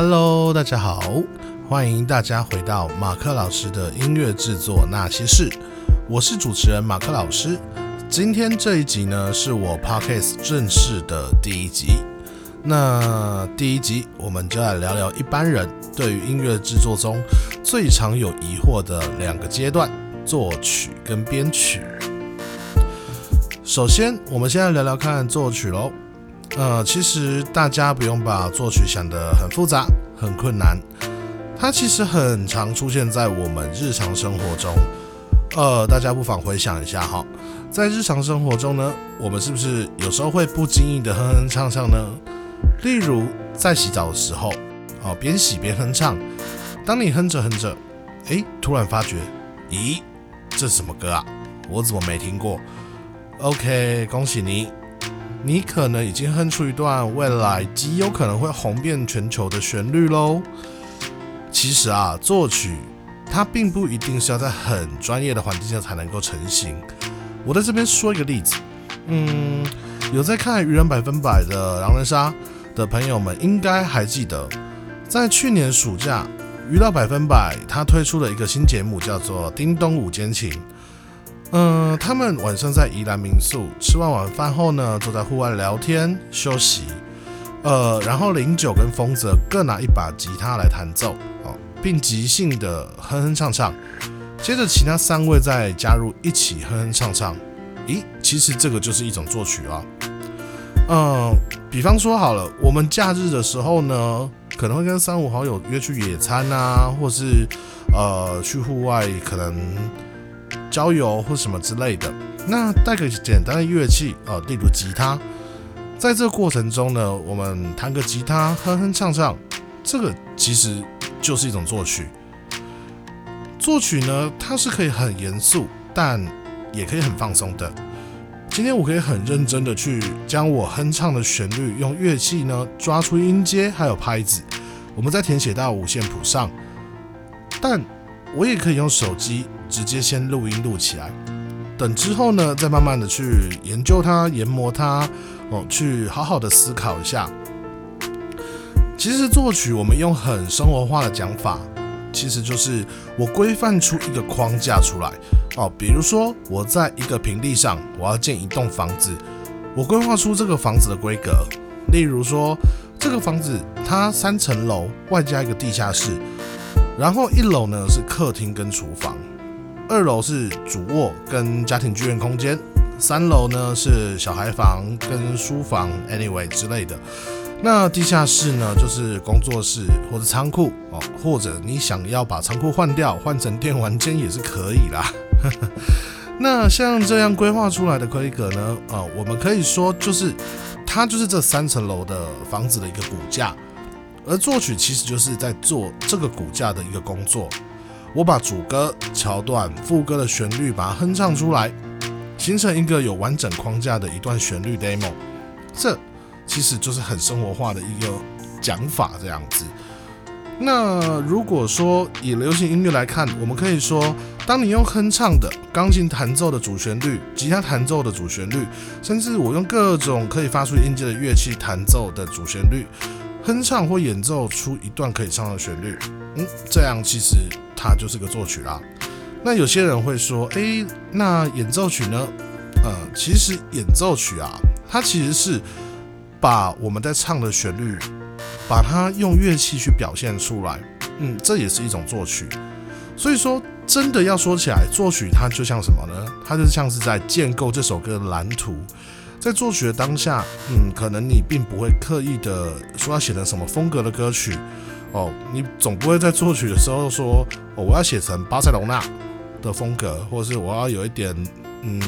Hello，大家好，歡迎大家回到馬克老師的音樂製作那些事。我是主持人馬克老師。今天這一集呢，是我 Podcast 正式的第一集。那第一集，我們就來聊聊一般人對於音樂製作中最常有疑惑的兩個階段——作曲跟編曲。首先，我們先來聊聊看作曲嘍。呃，其實大家不用把作曲想得很複雜、很困難，它其實很常出現在我們日常生活中。呃，大家不妨回想一下哈，在日常生活中呢，我們是不是有時候會不經意地哼哼唱唱呢？例如在洗澡的時候，哦，邊洗邊哼唱。當你哼着哼着，哎，突然發覺，咦，這什麼歌啊？我怎麼沒聽過？OK，恭喜你。你可能已經哼出一段未來極有可能會紅遍全球的旋律嘍。其實啊，作曲它並不一定是要在很專業的環境下才能夠成型。我在這邊說一個例子，嗯，有在看《娛樂百分百》的狼人殺的朋友們應該還記得，在去年暑假，《娛樂百分百》它推出了一個新節目，叫做《叮咚午間情》。嗯、呃，他們晚上在宜蘭民宿吃完晚飯後呢，坐在戶外聊天休息。呃，然後林九跟豐澤各拿一把吉他來彈奏哦，並即興的哼哼唱唱。接着其他三位再加入一起哼哼唱唱。咦，其實這個就是一種作曲啊。嗯、呃，比方說好了，我們假日的時候呢，可能會跟三五好友約去野餐啊，或是呃去戶外可能。郊遊或什麼之類的，那帶個簡單的樂器啊、呃，例如吉他，在這個過程中呢，我們彈個吉他哼哼唱唱，這個其實就是一種作曲。作曲呢，它是可以很嚴肅，但也可以很放鬆的。今天我可以很認真的去將我哼唱的旋律用樂器呢抓出音階還有拍子，我們再填寫到五線譜上，但。我也可以用手機直接先錄音錄起來，等之後呢，再慢慢的去研究它、研磨它，哦，去好好的思考一下。其實作曲，我們用很生活化的講法，其實就是我規範出一個框架出來，哦，比如說我在一個平地上，我要建一棟房子，我規劃出這個房子的規格，例如說這個房子它三層樓，外加一個地下室。然後一樓呢是客廳跟廚房，二樓是主臥跟家庭劇院空間，三樓呢是小孩房跟書房，anyway 之類的。那地下室呢就是工作室或者倉庫哦，或者你想要把倉庫換掉換成電玩間也是可以啦。 那像這樣規劃出來的規格呢，呃，我們可以說就是它就是這三層樓的房子的一個骨架。而作曲其實就是在做這個骨架的一個工作，我把主歌、橋段、副歌的旋律把它哼唱出來，形成一個有完整框架的一段旋律 demo。這其實就是很生活化的一個講法，這樣子。那如果說以流行音樂來看，我們可以說，當你用哼唱的鋼琴彈奏的主旋律、吉他彈奏的主旋律，甚至我用各種可以發出音階的樂器彈奏的主旋律。哼唱或演奏出一段可以唱的旋律，嗯，這樣其實它就是個作曲啦。那有些人會說，誒、欸，那演奏曲呢？嗯、呃，其實演奏曲啊，它其實是把我們在唱的旋律，把它用樂器去表現出來，嗯，這也是一種作曲。所以說，真的要說起來，作曲它就像什麼呢？它就像是在建構這首歌的藍圖。在作曲的當下，嗯，可能你並不會刻意的說要寫成什麼風格的歌曲，哦，你總不會在作曲的時候說，哦、我要寫成巴塞羅那的風格，或是我要有一點嗯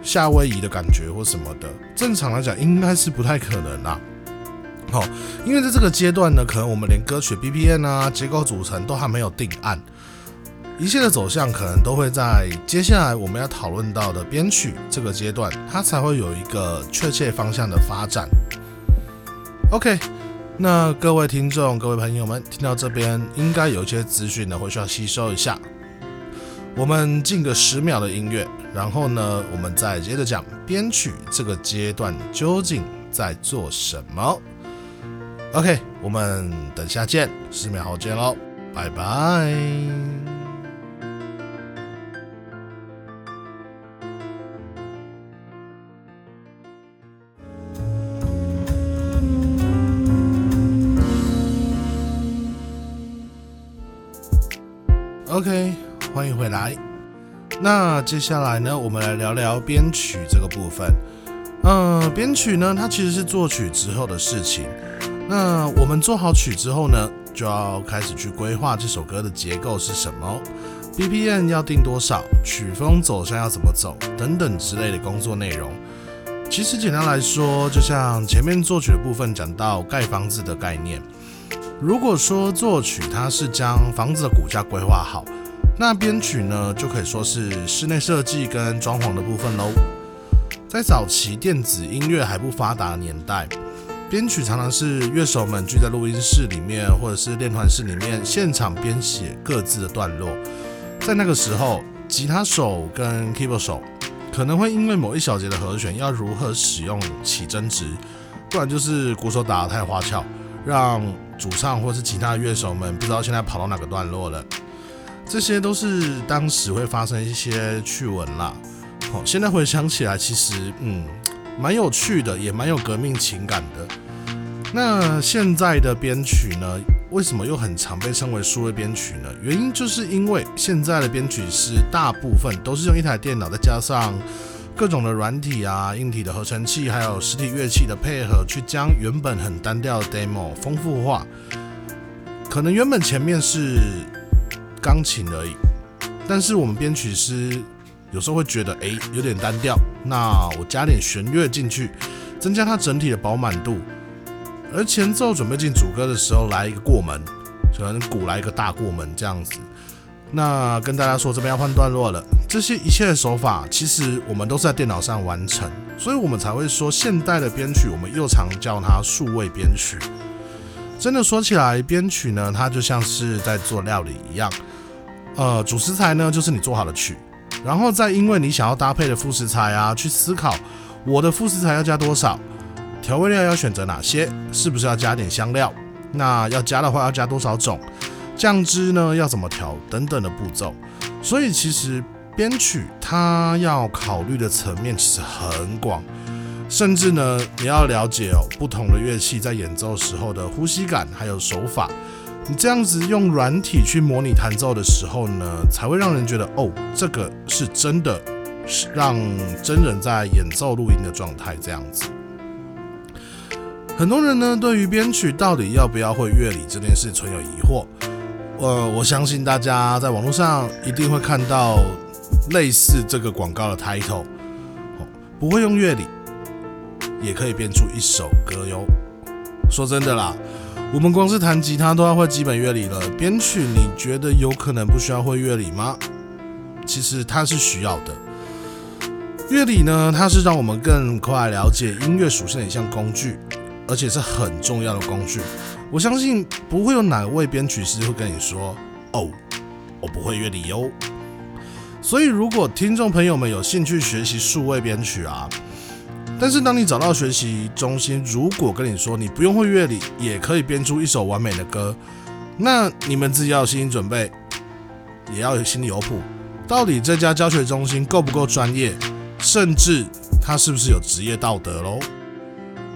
夏威夷的感覺或什麼的。正常來講，應該是不太可能啦。好、哦，因為在這個階段呢，可能我們連歌曲 BPM 啊結構組成都還沒有定案。一切的走向可能都會在接下來我們要討論到的編曲這個階段，它才會有一個確切方向的發展。OK，那各位聽眾、各位朋友們聽到這邊，應該有一些資訊呢，會需要吸收一下。我們進個十秒的音樂，然後呢，我們再接着講編曲這個階段究竟在做什麼。OK，我們等下見，十秒後見嘍，拜拜。來，那接下來呢，我們來聊聊編曲這個部分。呃，編曲呢，它其實是作曲之後的事情。那我們做好曲之後呢，就要開始去規劃這首歌的結構是什麼，BPM 要定多少，曲風走向要怎麼走，等等之類的工作內容。其實簡單來說，就像前面作曲的部分講到蓋房子的概念，如果說作曲它是將房子的骨架規劃好。那編曲呢，就可以說是室內設計跟裝潢的部分嘍。在早期電子音樂還不發達的年代，編曲常常是樂手們聚在錄音室裡面，或者是練團室裡面，現場編寫各自的段落。在那個時候，吉他手跟 keyboard 手可能會因為某一小節的和弦要如何使用起爭執，不然就是鼓手打得太花俏，讓主唱或是其他的樂手們不知道現在跑到哪個段落了。這些都是當時會發生一些趣聞啦。好，現在回想起來，其實嗯，蠻有趣的，也蠻有革命情感的。那現在的編曲呢，為什麼又很常被稱為數位編曲呢？原因就是因為現在的編曲是大部分都是用一台電腦，再加上各種的軟體啊、硬體的合成器，還有實體樂器的配合，去將原本很單調的 demo 豐富化。可能原本前面是。鋼琴而已，但是我們編曲師有時候會覺得誒、欸，有點單調，那我加點弦樂進去，增加它整體的飽滿度。而前奏準備進主歌的時候來一個過門，可能鼓來一個大過門這樣子。那跟大家說這邊要換段落了，這些一切的手法其實我們都是在電腦上完成，所以我們才會說現代的編曲我們又常叫它數位編曲。真的說起來，編曲呢，它就像是在做料理一樣，呃，主食材呢就是你做好的曲，然後再因為你想要搭配的副食材啊，去思考我的副食材要加多少，調味料要選擇哪些，是不是要加點香料？那要加的話要加多少種？醬汁呢要怎麼調？等等的步驟。所以其實編曲它要考慮的層面其實很廣。甚至呢，你要了解哦，不同的樂器在演奏時候的呼吸感，還有手法。你這樣子用軟體去模擬彈奏的時候呢，才會讓人覺得哦，這個是真的是讓真人在演奏錄音的狀態這樣子。很多人呢，對於編曲到底要不要會樂理這件事存有疑惑。呃，我相信大家在網絡上一定會看到類似這個廣告的 title，哦，不會用樂理。也可以編出一首歌喲。說真的啦，我們光是彈吉他都要會基本樂理了，編曲你覺得有可能不需要會樂理嗎？其實它是需要的。樂理呢，它是讓我們更快了解音樂屬性的一項工具，而且是很重要的工具。我相信不會有哪位編曲師會跟你說：“哦，我不會樂理喲。”所以，如果聽眾朋友們有興趣學習數位編曲啊。但是，當你找到學習中心，如果跟你說你不用會樂理也可以編出一首完美的歌，那你們自己要有心理準備，也要有心裡有譜。到底這家教學中心夠不夠專業，甚至他是不是有職業道德嘍？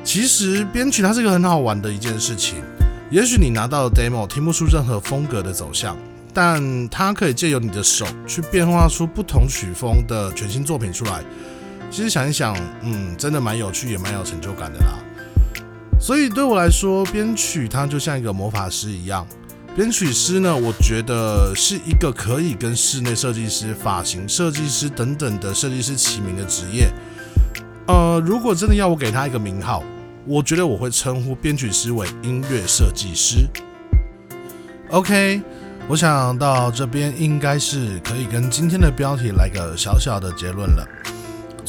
其實編曲它是一個很好玩的一件事情。也許你拿到 demo 聽不出任何風格的走向，但它可以借由你的手去變化出不同曲風的全新作品出來。其實想一想，嗯，真的蠻有趣，也蠻有成就感的啦。所以對我來說，編曲它就像一個魔法師一樣。編曲師呢，我覺得是一個可以跟室內設計師、髮型設計師等等的設計師齊名的職業。呃，如果真的要我給他一個名號，我覺得我會稱呼編曲師為音樂設計師。OK，我想到這邊應該是可以跟今天的標題來個小小的結論了。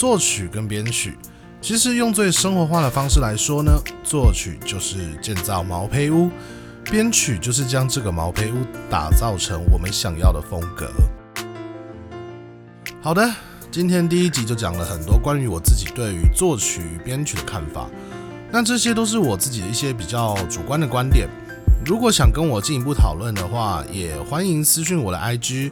作曲跟編曲，其實用最生活化的方式來說呢，作曲就是建造毛坯屋，編曲就是將這個毛坯屋打造成我們想要的風格。好的，今天第一集就講了很多關於我自己對於作曲與編曲的看法，那這些都是我自己的一些比較主觀的觀點。如果想跟我進一步討論的話，也歡迎私訊我的 IG。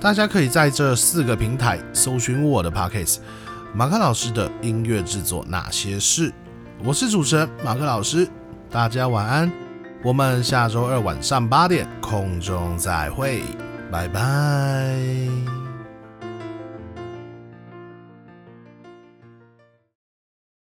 大家可以在這四個平台搜尋我的 podcast，馬克老師的音樂製作那些事。我是主持人馬克老師，大家晚安。我們下週二晚上八點空中再會，拜拜。